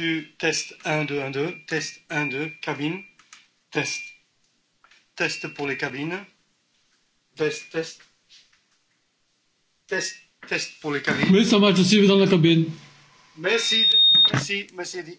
du test 1, 2, 1, 2, test 1, 2, cabine, test. Test pour les cabines. Test, test. Test, test pour les cabines. Merci, ça marche aussi dans la cabine. Merci, merci, merci.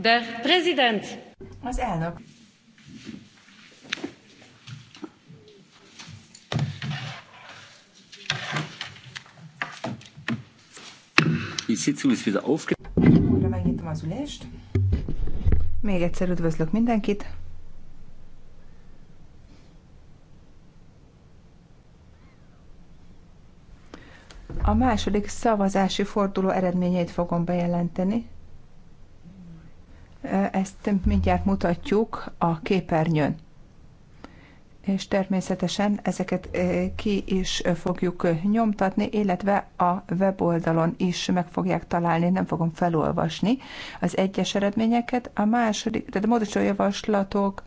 Der Präsident. Az elnök. Die Sitzung ist wieder aufge... az ülést. Még egyszer üdvözlök mindenkit. A második szavazási forduló eredményeit fogom bejelenteni ezt mindjárt mutatjuk a képernyőn. És természetesen ezeket eh, ki is eh, fogjuk eh, nyomtatni, illetve a weboldalon is meg fogják találni, nem fogom felolvasni az egyes eredményeket. A második, tehát a módosító javaslatok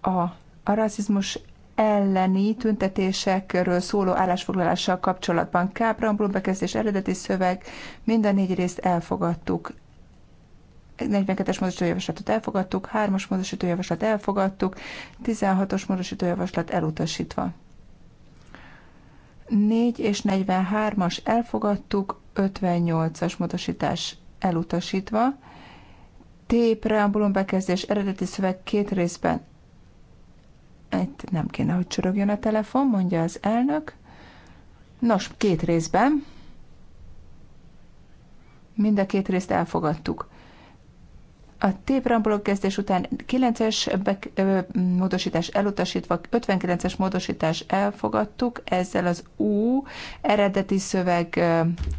a, a rasszizmus elleni tüntetésekről szóló állásfoglalással kapcsolatban. Kábrambrú bekezdés eredeti szöveg, mind a négy részt elfogadtuk. 42-es módosítójavaslatot elfogadtuk, 3-as módosítójavaslat elfogadtuk, 16-os módosítójavaslat elutasítva. 4 és 43-as elfogadtuk, 58-as módosítás elutasítva. T preambulum bekezdés eredeti szöveg két részben. Itt nem kéne, hogy csörögjön a telefon, mondja az elnök. Nos, két részben. Mind a két részt elfogadtuk. A téprambulok kezdés után 9-es módosítás elutasítva, 59-es módosítás elfogadtuk, ezzel az U eredeti szöveg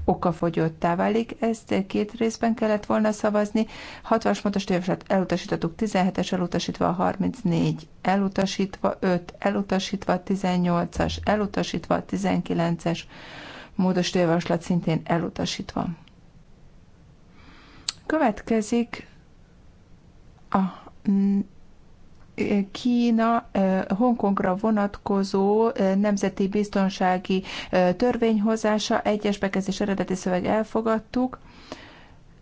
okafogyottá válik, ezt két részben kellett volna szavazni, 60-as módosítás elutasítottuk, 17-es elutasítva, 34 elutasítva, 5 elutasítva, 18-as elutasítva, 19-es módosítójavaslat szintén elutasítva. Következik a Kína Hongkongra vonatkozó nemzeti biztonsági törvényhozása, egyes bekezdés eredeti szöveg elfogadtuk,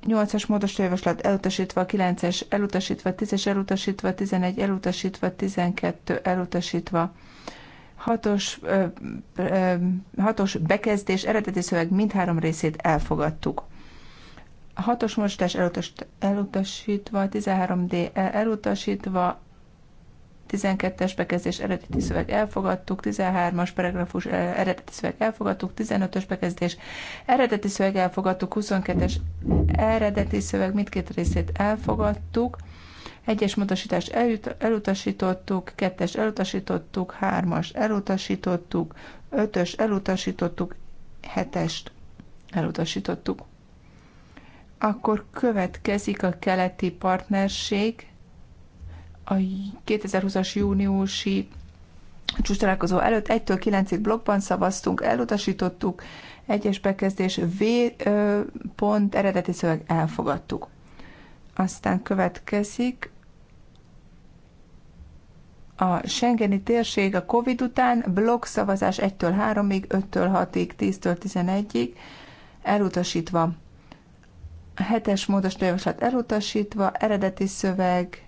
8-as módos javaslat elutasítva, 9-es elutasítva, 10-es elutasítva, 11 elutasítva, 12 elutasítva. 6-os, hatos bekezdés eredeti szöveg mindhárom részét elfogadtuk hatos mostás elutas, elutasítva, 13D e elutasítva, 12-es bekezdés eredeti szöveg elfogadtuk, 13-as paragrafus e, eredeti szöveg elfogadtuk, 15-ös bekezdés eredeti szöveg elfogadtuk, 22-es eredeti szöveg mindkét részét elfogadtuk, 1-es módosítást elutasítottuk, 2-es elutasítottuk, 3-as elutasítottuk, 5-ös elutasítottuk, 7-est elutasítottuk akkor következik a keleti partnerség, a 2020-as júniusi csúcstalálkozó előtt 1-től 9-ig blokkban szavaztunk, elutasítottuk, egyes bekezdés V pont eredeti szöveg elfogadtuk. Aztán következik a Schengeni térség a Covid után blokk szavazás 1-től 3-ig, 5-től 6-ig, 10-től 11-ig elutasítva hetes javaslat elutasítva, eredeti szöveg,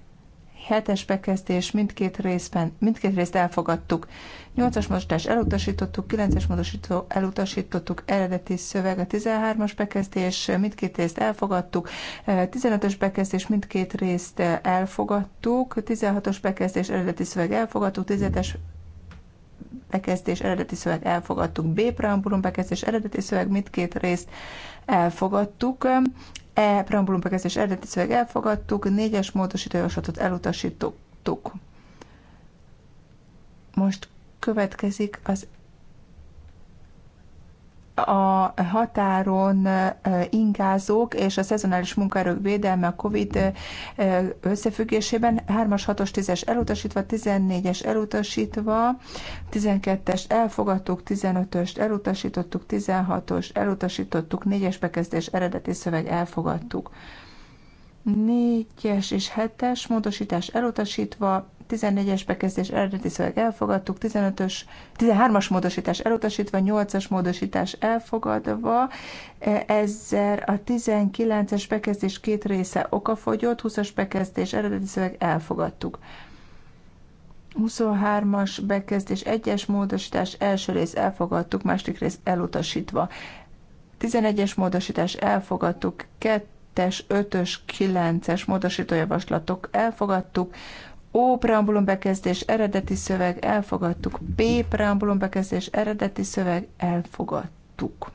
hetes bekezdés mindkét részben, mindkét részt elfogadtuk. Nyolcas módosítás elutasítottuk, kilences módosító elutasítottuk, eredeti szöveg a 13-as bekezdés, mindkét részt elfogadtuk, 15-ös eh, bekezdés mindkét részt eh, elfogadtuk, 16-os bekezdés eredeti szöveg elfogadtuk, 17-es bekezdés eredeti szöveg elfogadtuk, B preambulum bekezdés eredeti szöveg mindkét részt elfogadtuk, E preambulum bekezdés eredeti szöveg elfogadtuk, négyes javaslatot elutasítottuk. Most következik az a határon ingázók és a szezonális munkaerők védelme a COVID összefüggésében 3-as, 6-os, 10-es elutasítva, 14-es elutasítva, 12-es elfogadtuk, 15-öst elutasítottuk, 16-os elutasítottuk, 4-es bekezdés eredeti szöveg elfogadtuk. 4-es és 7-es módosítás elutasítva, 14-es bekezdés eredeti szöveg elfogadtuk, 15-ös, 13-as módosítás elutasítva, 8-as módosítás elfogadva, e, ezzel a 19-es bekezdés két része okafogyott, 20-as bekezdés eredeti szöveg elfogadtuk. 23-as bekezdés egyes módosítás első rész elfogadtuk, második rész elutasítva. 11-es módosítás elfogadtuk, 2-es, 5-ös, 9-es módosítójavaslatok elfogadtuk, O preambulum bekezdés eredeti szöveg elfogadtuk. B preambulum bekezdés eredeti szöveg elfogadtuk.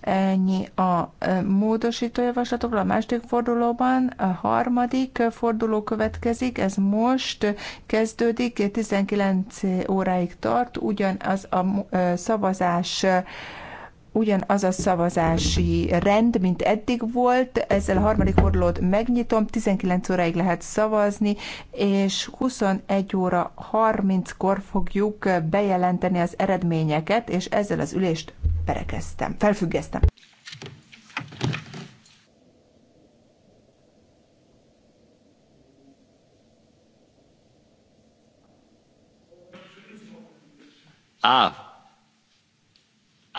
Ennyi a módosító javaslatokról a második fordulóban. A harmadik forduló következik, ez most kezdődik, 19 óráig tart, ugyanaz a szavazás ugyanaz a szavazási rend, mint eddig volt. Ezzel a harmadik fordulót megnyitom, 19 óráig lehet szavazni, és 21 óra 30-kor fogjuk bejelenteni az eredményeket, és ezzel az ülést perekeztem, felfüggesztem. Ah,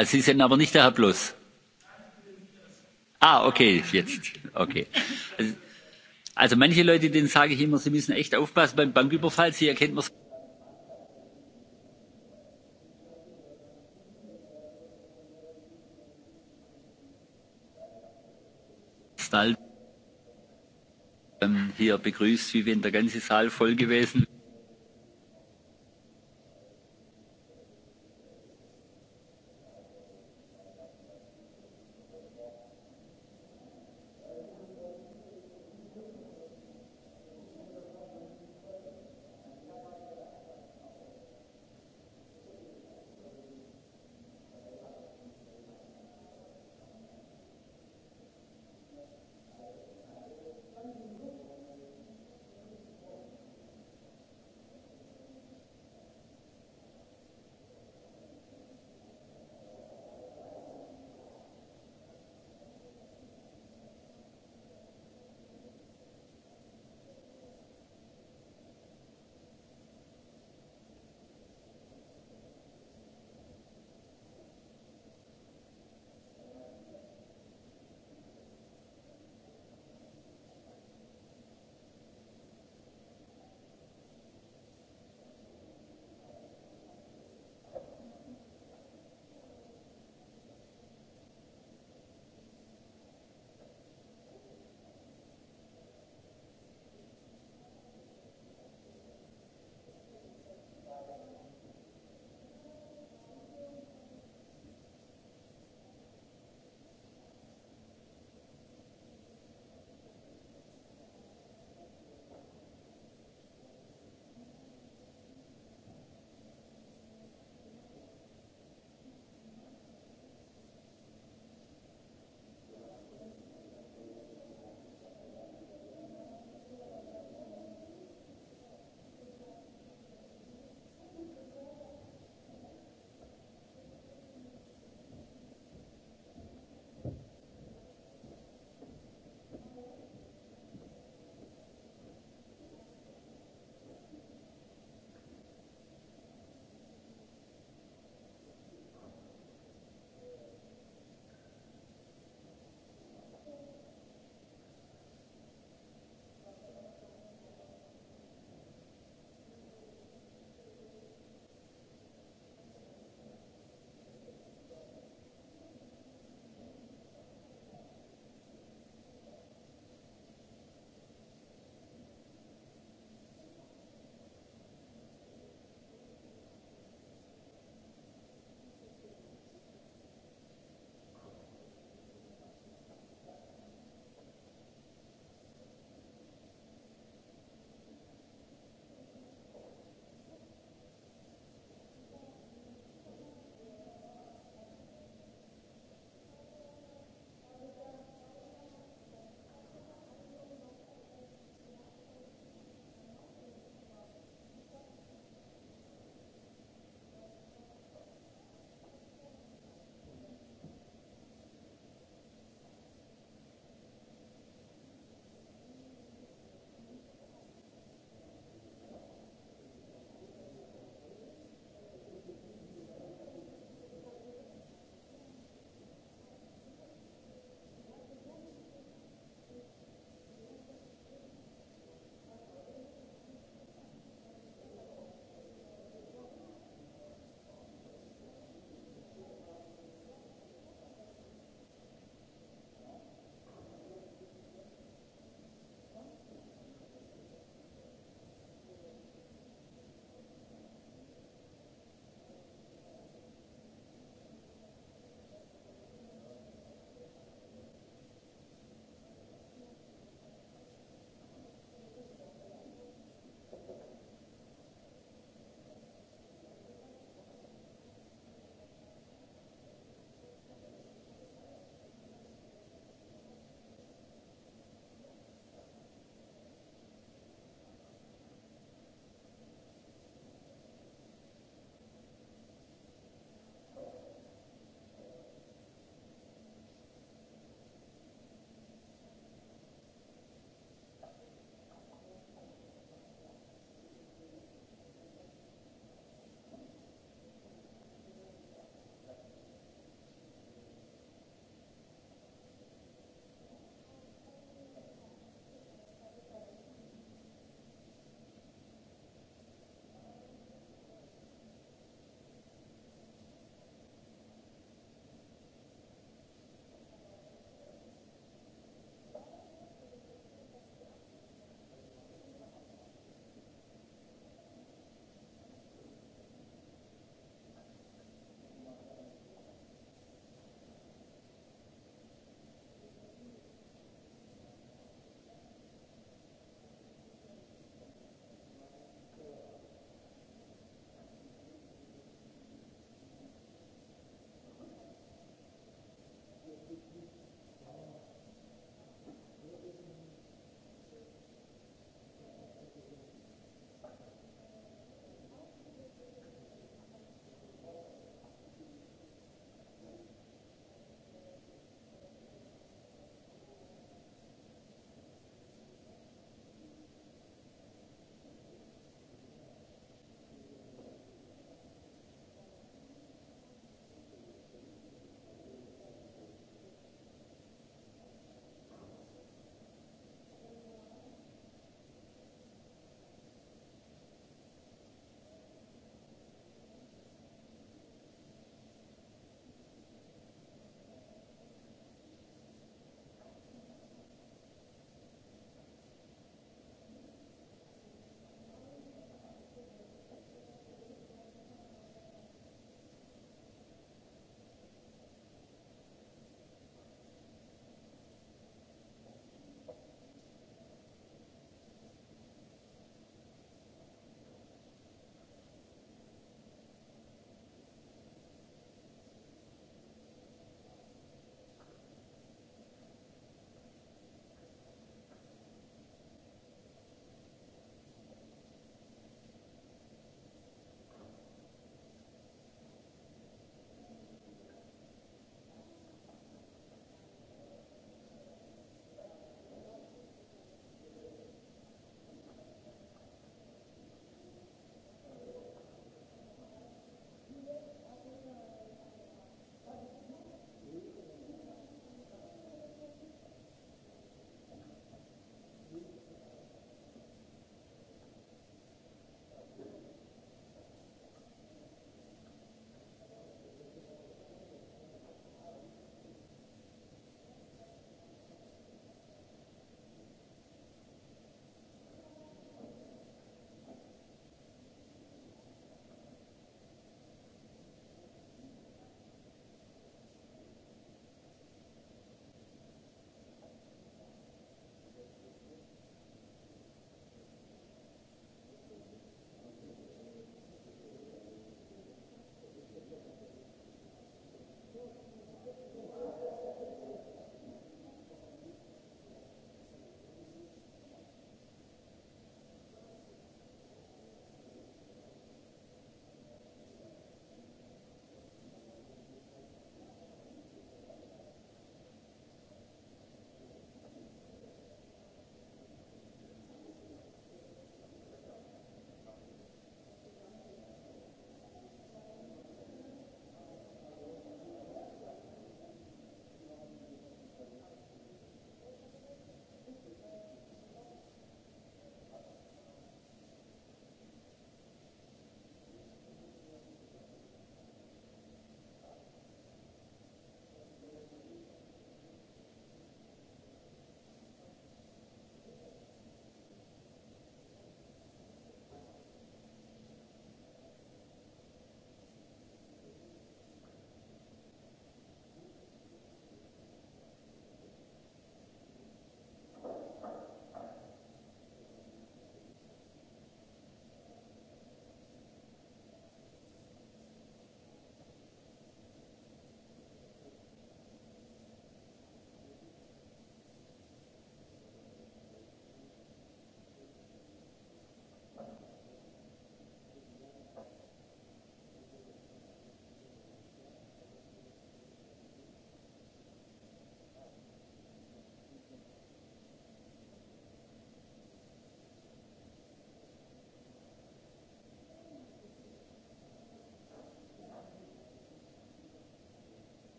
Ah, sie sind aber nicht der Herr Plus. Ah, okay, jetzt. Okay. Also, also manche Leute, denen sage ich immer, sie müssen echt aufpassen beim Banküberfall. Sie erkennt man Stall ähm, hier begrüßt, wie wenn der ganze Saal voll gewesen wäre.